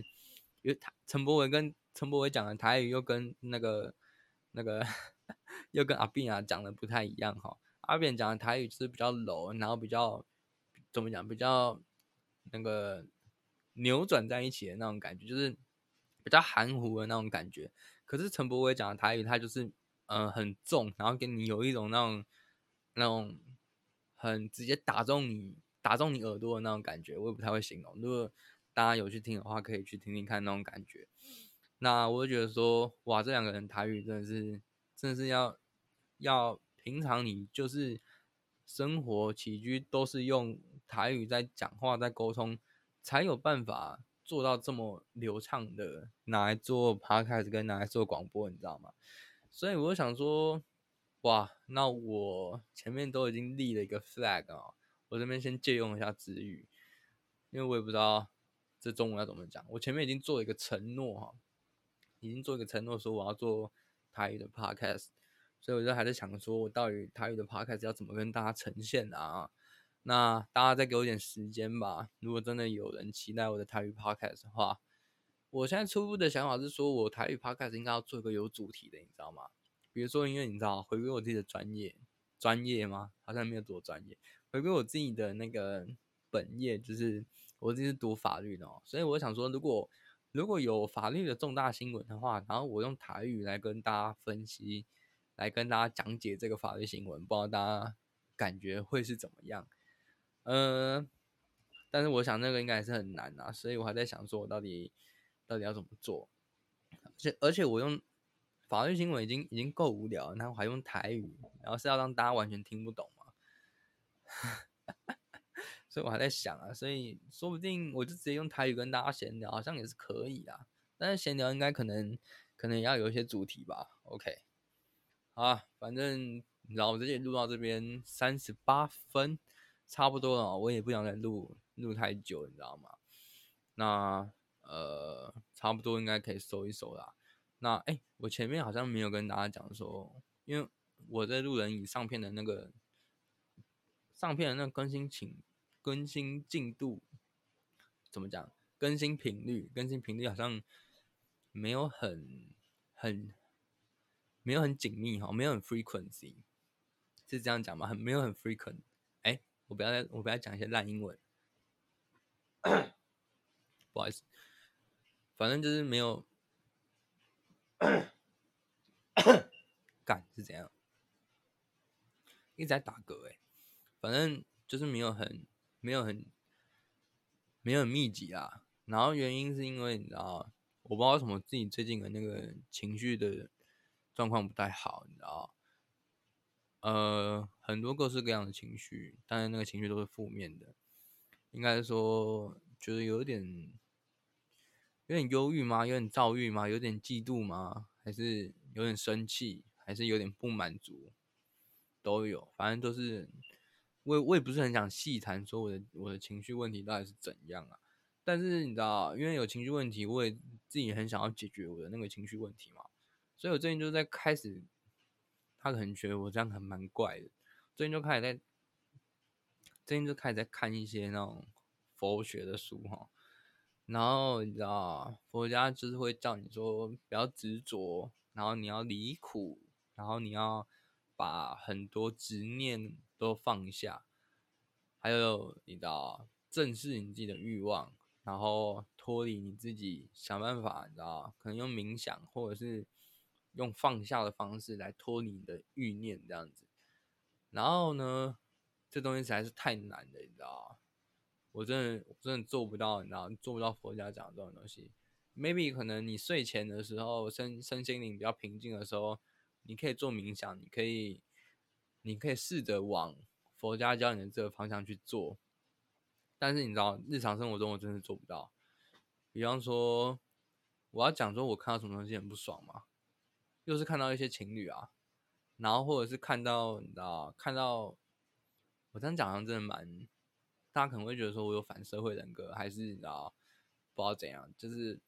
S1: 因為他陳柏惟跟陳柏惟講的台語，又跟那個那個 又跟阿斌啊講的不太一樣哈。阿斌講的台語就是比較柔，然後比較怎麼講，比較。那個扭轉在一起的那種感覺，就是比較含糊的那種感覺。可是陳柏惟講的台語，他就是嗯、呃、很重，然後給你有一種那種那種很直接打中你、打中你耳朵的那種感覺。我也不太會形容，如果大家有去聽的話，可以去聽聽看那種感覺。那我就覺得說，哇，這兩個人台語真的是，真的是要要平常你就是生活起居都是用。台語在講話，在溝通，才有辦法做到這麼流暢的拿來做 podcast，跟拿來做廣播，你知道嗎？所以我就想說，哇，那我前面都已經立了一個 flag 啊、喔，我這邊先借用一下子語，因為我也不知道這中文要怎麼講。我前面已經做了一個承諾哈、喔，已經做了一個承諾說我要做台語的 podcast，所以我就還是想說，我到底台語的 podcast 要怎麼跟大家呈現啊？那大家再給我點時間吧。如果真的有人期待我的台語 podcast 的話，我現在初步的想法是說，我台語 podcast 應該要做一個有主題的，你知道嗎？比如說，因為你知道，回歸我自己的專業，專業嗎？好像沒有多專業。回歸我自己的那個本業，就是我自己是讀法律的，哦，所以我想說，如果如果有法律的重大新聞的話，然後我用台語來跟大家分析，來跟大家講解這個法律新聞，不知道大家感覺會是怎麼樣？呃，但是我想那個應該還是很難啊，所以我還在想說，我到底到底要怎麼做？而且，而且我用法律行為已經已經夠無聊了，然後還用台語，然後是要讓大家完全聽不懂嗎？ 所以我還在想啊，所以說不定我就直接用台語跟大家閒聊，好像也是可以啊。但是閒聊應該可能可能也要有一些主題吧？OK，好吧，反正然後我直接錄到這邊三十八分。差不多了，我也不想再錄錄太久，你知道嗎？那呃，差不多應該可以收一收啦。那哎、欸，我前面好像沒有跟大家講說，因為我在路人乙上片的那個上片的那更新請更新進度怎麼講？更新頻率更新頻率，率好像沒有很很沒有很緊密哈，沒有很，很 frequency，是這樣講嗎？很沒有很 frequent。我不要再，我不要講一些爛英文， 不好意思，反正就是沒有，幹 是怎樣，一直在打嗝誒，反正就是沒有很沒有很沒有很密集啊。然後原因是因為你知道，我不知道為什麼自己最近的那個情緒的狀況不太好，你知道。呃，很多各式各樣的情緒，但是那個情緒都是負面的，應該說，就是有點有點憂鬱嗎？有點躁鬱嗎？有點嫉妒嗎？還是有點生氣？還是有點不滿足？都有，反正都是。我也我也不是很想細談說我的我的情緒問題到底是怎樣啊。但是你知道，因為有情緒問題，我也自己很想要解決我的那個情緒問題嘛，所以我最近就在開始。他可能覺得我這樣還蠻怪的。最近就開始在，最近就開始在看一些那種佛學的書哈，然後你知道，佛家就是會叫你說不要執着，然後你要離苦，然後你要把很多執念都放下，還有你知道，正視你自己的慾望，然後脫離你自己，想辦法你知道，可能用冥想或者是。用放下的方式來脫離你的欲念，這樣子。然後呢，這東西實在是太難了，你知道？我真的我真的做不到，你知道？做不到佛家講的這種東西。Maybe 可能你睡前的時候，身身心靈比較平靜的時候，你可以做冥想，你可以，你可以試着往佛家教你的這個方向去做。但是你知道，日常生活中我真的做不到。比方說，我要講說，我看到什麼東西很不爽嘛？又是看到一些情侶啊，然後或者是看到你知道，看到我這樣講好像真的蠻，大家可能會覺得說我有反社會人格，還是你知道不知道怎樣？就是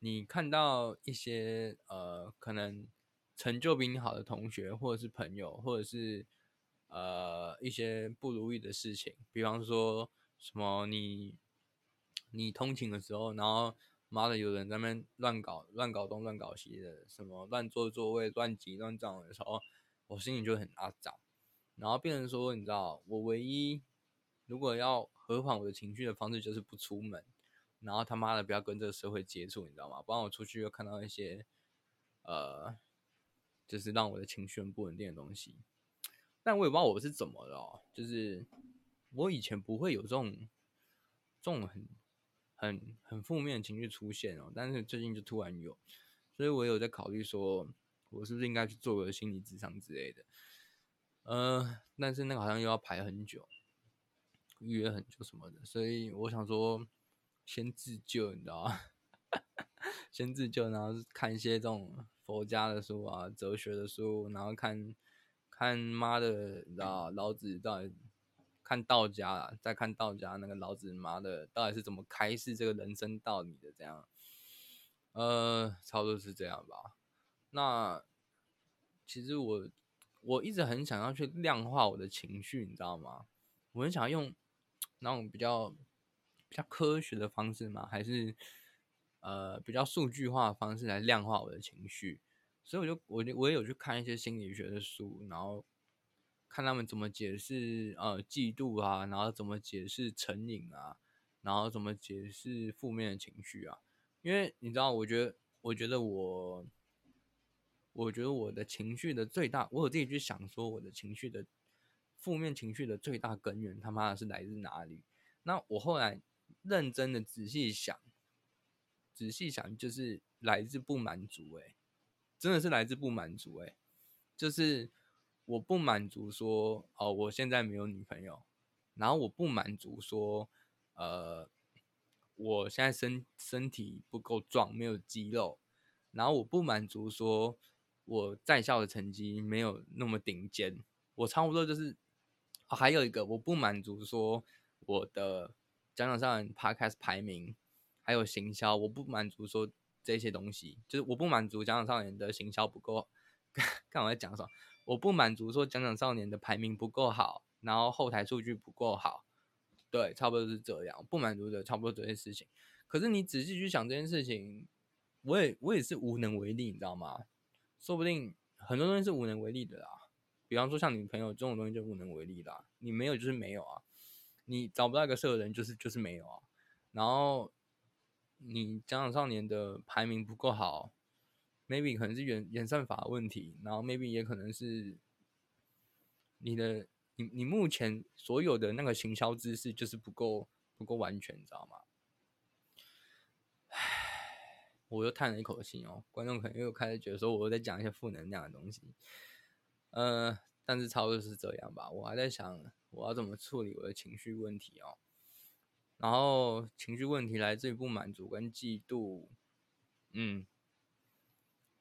S1: 你看到一些呃，可能成就比你好的同學，或者是朋友，或者是呃一些不如意的事情，比方說什麼你你通勤的時候，然後。媽的，有人在那邊亂搞，亂搞東，亂搞西的，什麼亂坐座位，亂擠，亂撞的時候，我心裡就很阿雜。然後變成說，你知道，我唯一如果要和緩我的情緒的方式，就是不出門，然後他媽的不要跟這個社會接觸，你知道嗎？不然我出去又看到一些，呃，就是讓我的情緒很不穩定的東西。但我也不知道我是怎麼了哦，就是我以前不會有這種，這種很。很很負面的情緒出現哦，但是最近就突然有，所以我也有在考慮說，我是不是應該去做個心理諮商之類的，呃，但是那個好像又要排很久，預約很久什麼的，所以我想說先自救，你知道嗎、啊？ 先自救，然後看一些這種佛家的書啊、哲學的書，然後看看媽的，你知道、啊、老子到底。看道家了，再看道家那個老子媽的，到底是怎麼開示這個人生道理的？這樣，呃，差不多是這樣吧？那其實我我一直很想要去量化我的情緒，你知道嗎？我很想要用那種比較比較科學的方式嘛，還是呃比較數據化的方式來量化我的情緒。所以我就我我也有去看一些心理學的書，然後。看他們怎麼解釋呃、嫉妒啊，然後怎麼解釋成癮啊，然後怎麼解釋負面的情緒啊？因為你知道，我覺得，我覺得我，我覺得我的情緒的最大，我有自己去想說我的情緒的負面情緒的最大根源他媽的是來自哪裡？那我後來認真的仔細想，仔細想就是來自不滿足、欸，哎，真的是來自不滿足、欸，哎，就是。我不滿足說哦，我現在沒有女朋友。然後我不滿足說，呃，我現在身身體不夠壯，沒有肌肉。然後我不滿足說，我在校的成績沒有那麼頂尖。我差不多就是，哦，還有一個，我不滿足說我的講講上人 Podcast 排名，還有行銷，我不滿足說這些東西，就是我不滿足講講上人的行銷不夠。剛才我在講什麼？我不滿足說講講少年的排名不夠好，然後後台數據不夠好，對，差不多是這樣。不滿足的差不多這些事情。可是你仔細去想這件事情，我也我也是無能為力，你知道嗎？說不定很多東西是無能為力的啦。比方說像女朋友這種東西就無能為力啦。你沒有就是沒有啊，你找不到一個適合人就是就是沒有啊。然後你講講少年的排名不夠好。Maybe 可能是演演算法問題，然後 Maybe 也可能是你的你你目前所有的那個行銷知識就是不夠不夠完全，你知道嗎？唉，我又嘆了一口氣哦，觀眾可能又開始覺得說我又在講一些負能量的東西。嗯、呃，但是差不多是這樣吧，我還在想我要怎麼處理我的情緒問題哦。然後情緒問題來自於不滿足跟嫉妒，嗯。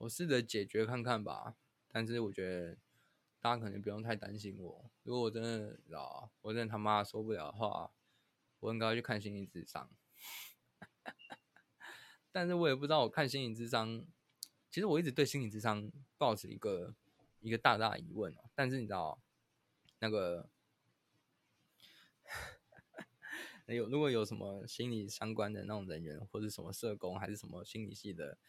S1: 我試着解決看看吧，但是我覺得大家可能不用太擔心我。如果我真的老，我真的他媽受不了的話，我應該去看心理諮商。 但是我也不知道，我看心理諮商，其實我一直對心理諮商抱持一個一個大大疑問，啊、但是你知道，那個， 哎，如果有什麼心理相關的那種人員，或者什麼社工，還是什麼心理系的。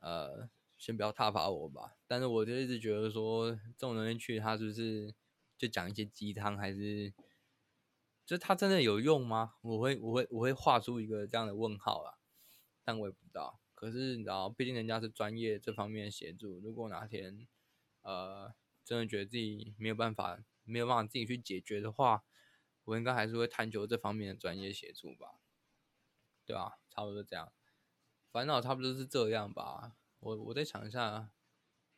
S1: 呃，先不要撻伐我吧。但是我就一直覺得說，這種東西去他是不是就講一些雞湯，還是就他真的有用嗎？我會我會我會畫出一個這樣的問號啦。但我也不知道。可是你知道，畢竟人家是專業這方面協助。如果哪天呃真的覺得自己沒有辦法沒有辦法自己去解決的話，我應該還是會探究這方面的專業協助吧，對吧、啊？差不多這樣。煩惱差不多是這樣吧，我我再想一下，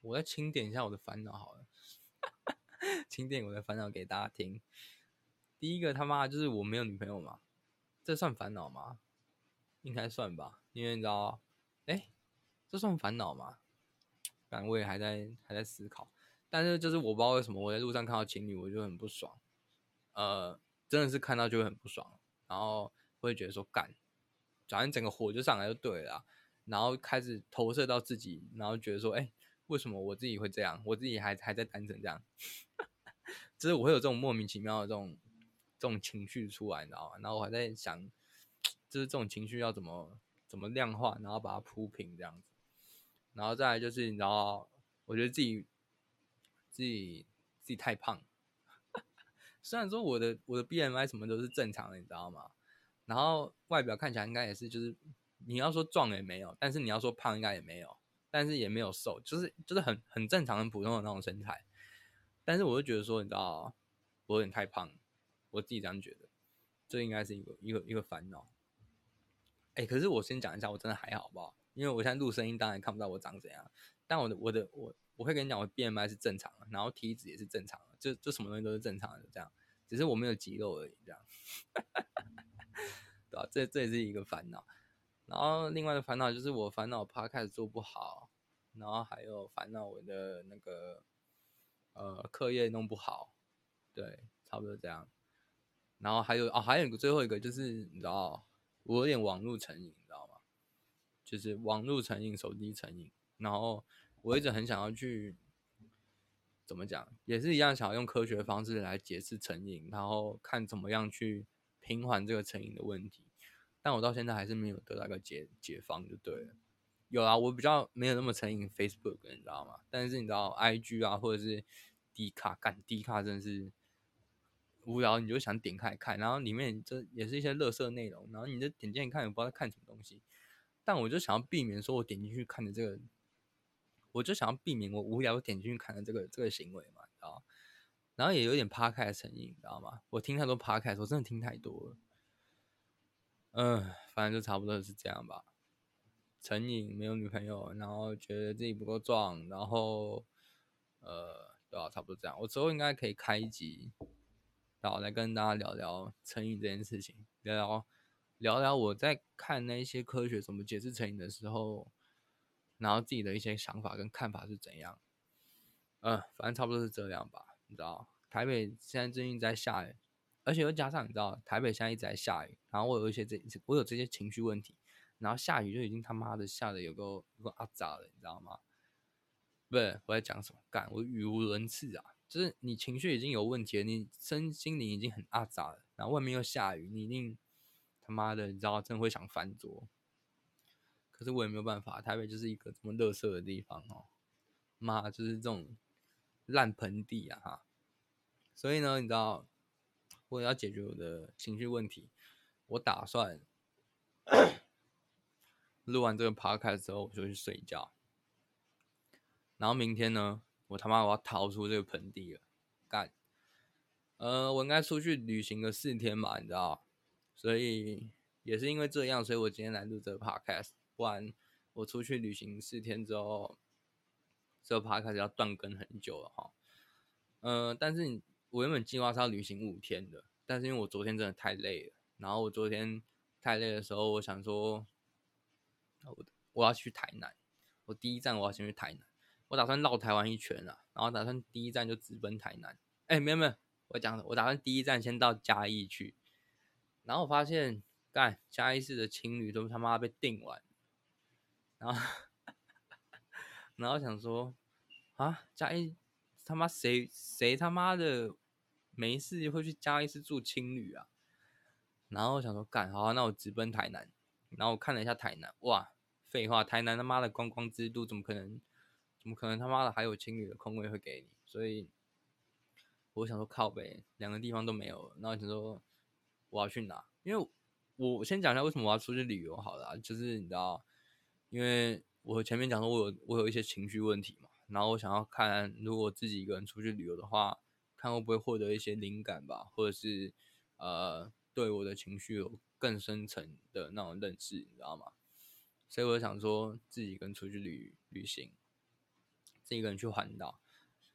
S1: 我再清點一下我的煩惱好了， 清點我的煩惱給大家聽。第一個他媽就是我沒有女朋友嘛，這算煩惱嗎？應該算吧，因為你知道，哎、欸，這算煩惱嗎？反正我也還在還在思考。但是就是我不知道為什麼我在路上看到情侶我就很不爽，呃，真的是看到就會很不爽，然後會覺得說幹。反正整個火就上來就對了，然後開始投射到自己，然後覺得說，哎、欸，為什麼我自己會這樣？我自己還還在單純這樣， 就是我會有這種莫名其妙的這種這種情緒出來，你知道嗎？然後我還在想，就是這種情緒要怎麼怎麼量化，然後把它鋪平這樣子。然後再來就是，你知道，我覺得自己自己自己太胖， 雖然說我的我的 BMI 什麼都是正常的，你知道嗎？然後外表看起來應該也是，就是你要說壯也沒有，但是你要說胖應該也沒有，但是也沒有瘦，就是就是很很正常很普通的那種身材。但是我就覺得說，你知道，我有點太胖了，我自己這樣覺得，這應該是一個一個一個煩惱。哎，可是我先講一下，我真的還好吧，不好？因為我現在錄聲音，當然看不到我長怎樣。但我的我的我我會跟你講，我變 i 是正常的，然後體子也是正常的，就就什麼東西都是正常的這樣，只是我沒有肌肉而已這樣。 對吧、啊？這這也是一個煩惱。然後另外的煩惱就是我煩惱 Podcast 做不好，然後還有煩惱我的那個呃課業弄不好。對，差不多這樣。然後還有哦，還有最後一個就是你知道我有點網路成癮，你知道嗎？就是網路成癮、手機成癮。然後我一直很想要去怎麼講，也是一樣，想要用科學的方式來解釋成癮，然後看怎麼樣去。平緩這個成癮的問題，但我到現在還是沒有得到一個解解放就對了。有啊，我比較沒有那麼成癮 Facebook，你知道嗎？但是你知道 IG 啊，或者是 D 卡幹 D 卡，D 卡真的是無聊，你就想點開看，然後裡面這也是一些垃圾內容，然後你就點進去看，也不知道在看什麼東西。但我就想要避免說我點進去看的這個，我就想要避免我無聊點進去看的這個這個行為嘛。然後也有點趴開的成癮，你知道嗎？我聽太多趴開的時候，真的聽太多了。嗯、呃，反正就差不多是這樣吧。成癮，沒有女朋友，然後覺得自己不夠壯，然後，呃，對啊，差不多這樣。我之後應該可以開一集，然後、啊、來跟大家聊聊成癮這件事情，聊聊聊聊我在看那些科學怎麼解釋成癮的時候，然後自己的一些想法跟看法是怎樣。嗯、呃，反正差不多是這樣吧。你知道台北現在最近一直在下雨，而且又加上你知道台北現在一直在下雨，然後我有一些這我有這些情緒問題，然後下雨就已經他媽的下的有夠有夠阿雜了，你知道嗎？不是我在講什麼？幹我語無倫次啊！就是你情緒已經有問題了，你身心靈已經很阿雜了，然後外面又下雨，你一定他媽的你知道真會想翻桌。可是我也沒有辦法，台北就是一個這麼垃圾的地方哦，媽就是這種。爛盆地啊哈！所以呢，你知道，我要解決我的情緒問題，我打算錄 完這個 podcast 之後，我就去睡覺。然後明天呢，我他媽我要逃出這個盆地了，幹！呃，我應該出去旅行個四天嘛，你知道？所以也是因為這樣，所以我今天來錄這個 podcast，不然我出去旅行四天之後。這趴開始要斷更很久了哈，嗯、呃，但是你我原本計劃是要旅行五天的，但是因為我昨天真的太累了，然後我昨天太累的時候，我想說我，我要去台南，我第一站我要先去台南，我打算繞台灣一圈啊，然後打算第一站就直奔台南，哎、欸、沒有沒有，我講了，我打算第一站先到嘉義去，然後我發現幹嘉義市的青旅都他媽被訂完，然後。然後想說，啊，嘉義，他媽誰誰他媽的沒事會去嘉義市住青旅啊？然後想說，乾，好啊，那我直奔台南。然後我看了一下台南，哇，廢話，台南他媽的觀光之都，怎麼可能？怎麼可能他媽的還有青旅的空位會給你？所以我想說靠北，兩個地方都沒有。然後想說我要去哪？因為我先講一下為什麼我要出去旅遊好了啊，就是你知道，因為。我前面講說，我有我有一些情緒問題嘛，然後我想要看，如果自己一個人出去旅遊的話，看會不會獲得一些靈感吧，或者是呃，對我的情緒有更深層的那種認識，你知道嗎？所以我就想說自己一個人出去旅旅行，自己一個人去環島，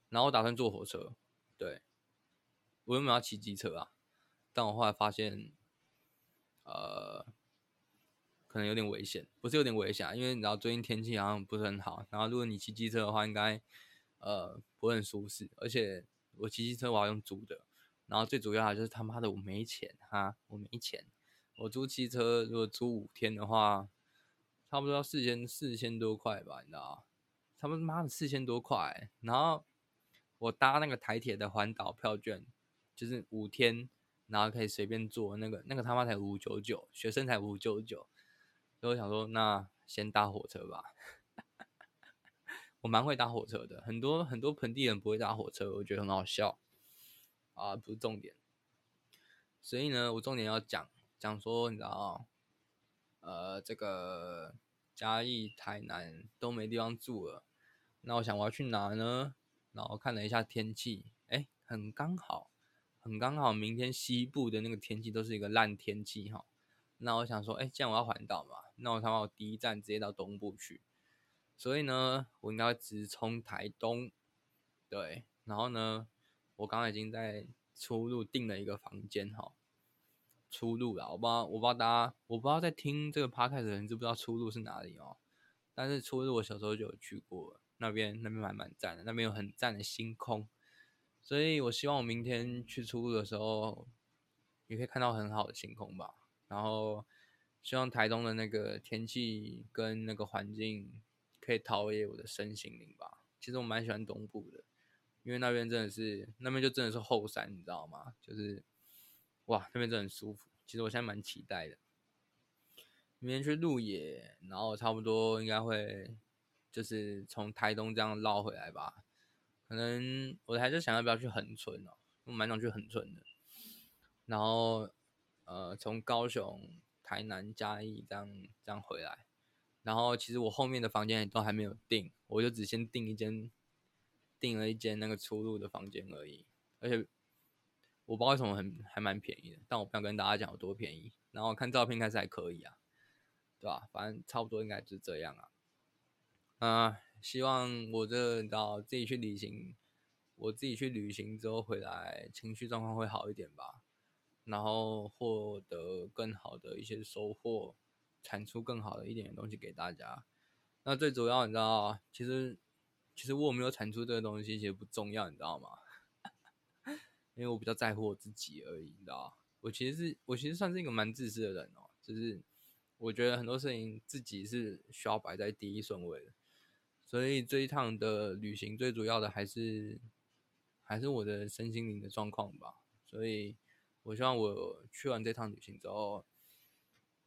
S1: 然後我打算坐火車，對，我原本要騎機車啊，但我後來發現，呃。可能有點危險，不是有點危險啊，因為你知道最近天氣好像不是很好。然後如果你騎機車的話，應該呃不是很舒適。而且我騎機車我要用租的，然後最主要的就是他媽的我沒錢哈，我沒錢。我租機車如果租五天的話，差不多要四千四千多塊吧，你知道嗎？他媽的四千多塊欸。然後我搭那個台鐵的環島票券，就是五天，然後可以隨便坐那個那個他媽才五九九，學生才五九九。所以我想說，那先搭火車吧。 我蠻會搭火車的，很多很多盆地人不會搭火車，我覺得很好笑啊，不是重點。所以呢，我重點要講講說，你知道、哦、呃，這個嘉義、台南都沒地方住了，那我想我要去哪呢？然後看了一下天氣，哎、欸，很剛好，很剛好，明天西部的那個天氣都是一個爛天氣哈、哦。那我想說，哎、欸，這樣我要環島嘛。那我台灣第一站直接到東部去，所以呢，我應該直衝台東。對，然後呢，我剛剛已經在初鹿訂了一個房間哈。初鹿啦，我不知道，我不知道大家，我不知道在聽這個 podcast 的人知不知道初鹿是哪裡哦。但是初鹿我小時候就有去過，那邊，那邊還蠻讚的，那邊有很讚的星空。所以我希望我明天去初鹿的時候，也可以看到很好的星空吧。然後。希望台東的那個天氣跟那個環境可以陶冶我的身心靈吧。其實我蠻喜歡東部的，因為那邊真的是，那邊就真的是後山，你知道嗎？就是，哇，那邊真的很舒服。其實我現在蠻期待的，明天去鹿野，然後差不多應該會就是從台東這樣繞回來吧。可能我還是想要不要去恆春哦，我蠻想去恆春的。然後，呃，從高雄。台南嘉義這樣這樣回來，然後其實我後面的房間都還沒有訂，我就只先訂一間，訂了一間那個初鹿的房間而已。而且我不知道為什麼很還蠻便宜的，但我不想跟大家講有多便宜。然後看照片，開始還可以啊，對吧？反正差不多應該就是這樣啊。啊、呃，希望我這個、你知道、自己去旅行，我自己去旅行之後回來，情緒狀況會好一點吧。然後獲得更好的一些收穫，產出更好的一點的東西給大家。那最主要，你知道，其實其實我沒有產出這個東西其實不重要，你知道嗎？ 因為我比較在乎我自己而已，你知道。我其實是我其實算是一個蠻自私的人哦就是我覺得很多事情自己是需要擺在第一順位的。所以這一趟的旅行最主要的還是還是我的身心靈的狀況吧。所以。我希望我去完這趟旅行之後，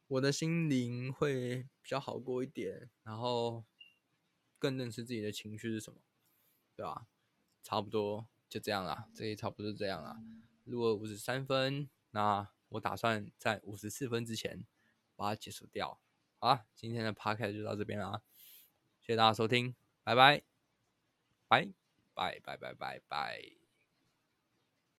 S1: 我的心靈會比較好過一點，然後更認識自己的情緒是什麼，對吧？差不多就這樣啦，這也差不多是這樣啦。如果五十三分，那我打算在五十四分之前把它結束掉。好啦，今天的 podcast 就到這邊啦，謝謝大家收聽，拜拜，拜拜拜拜拜拜。拜拜。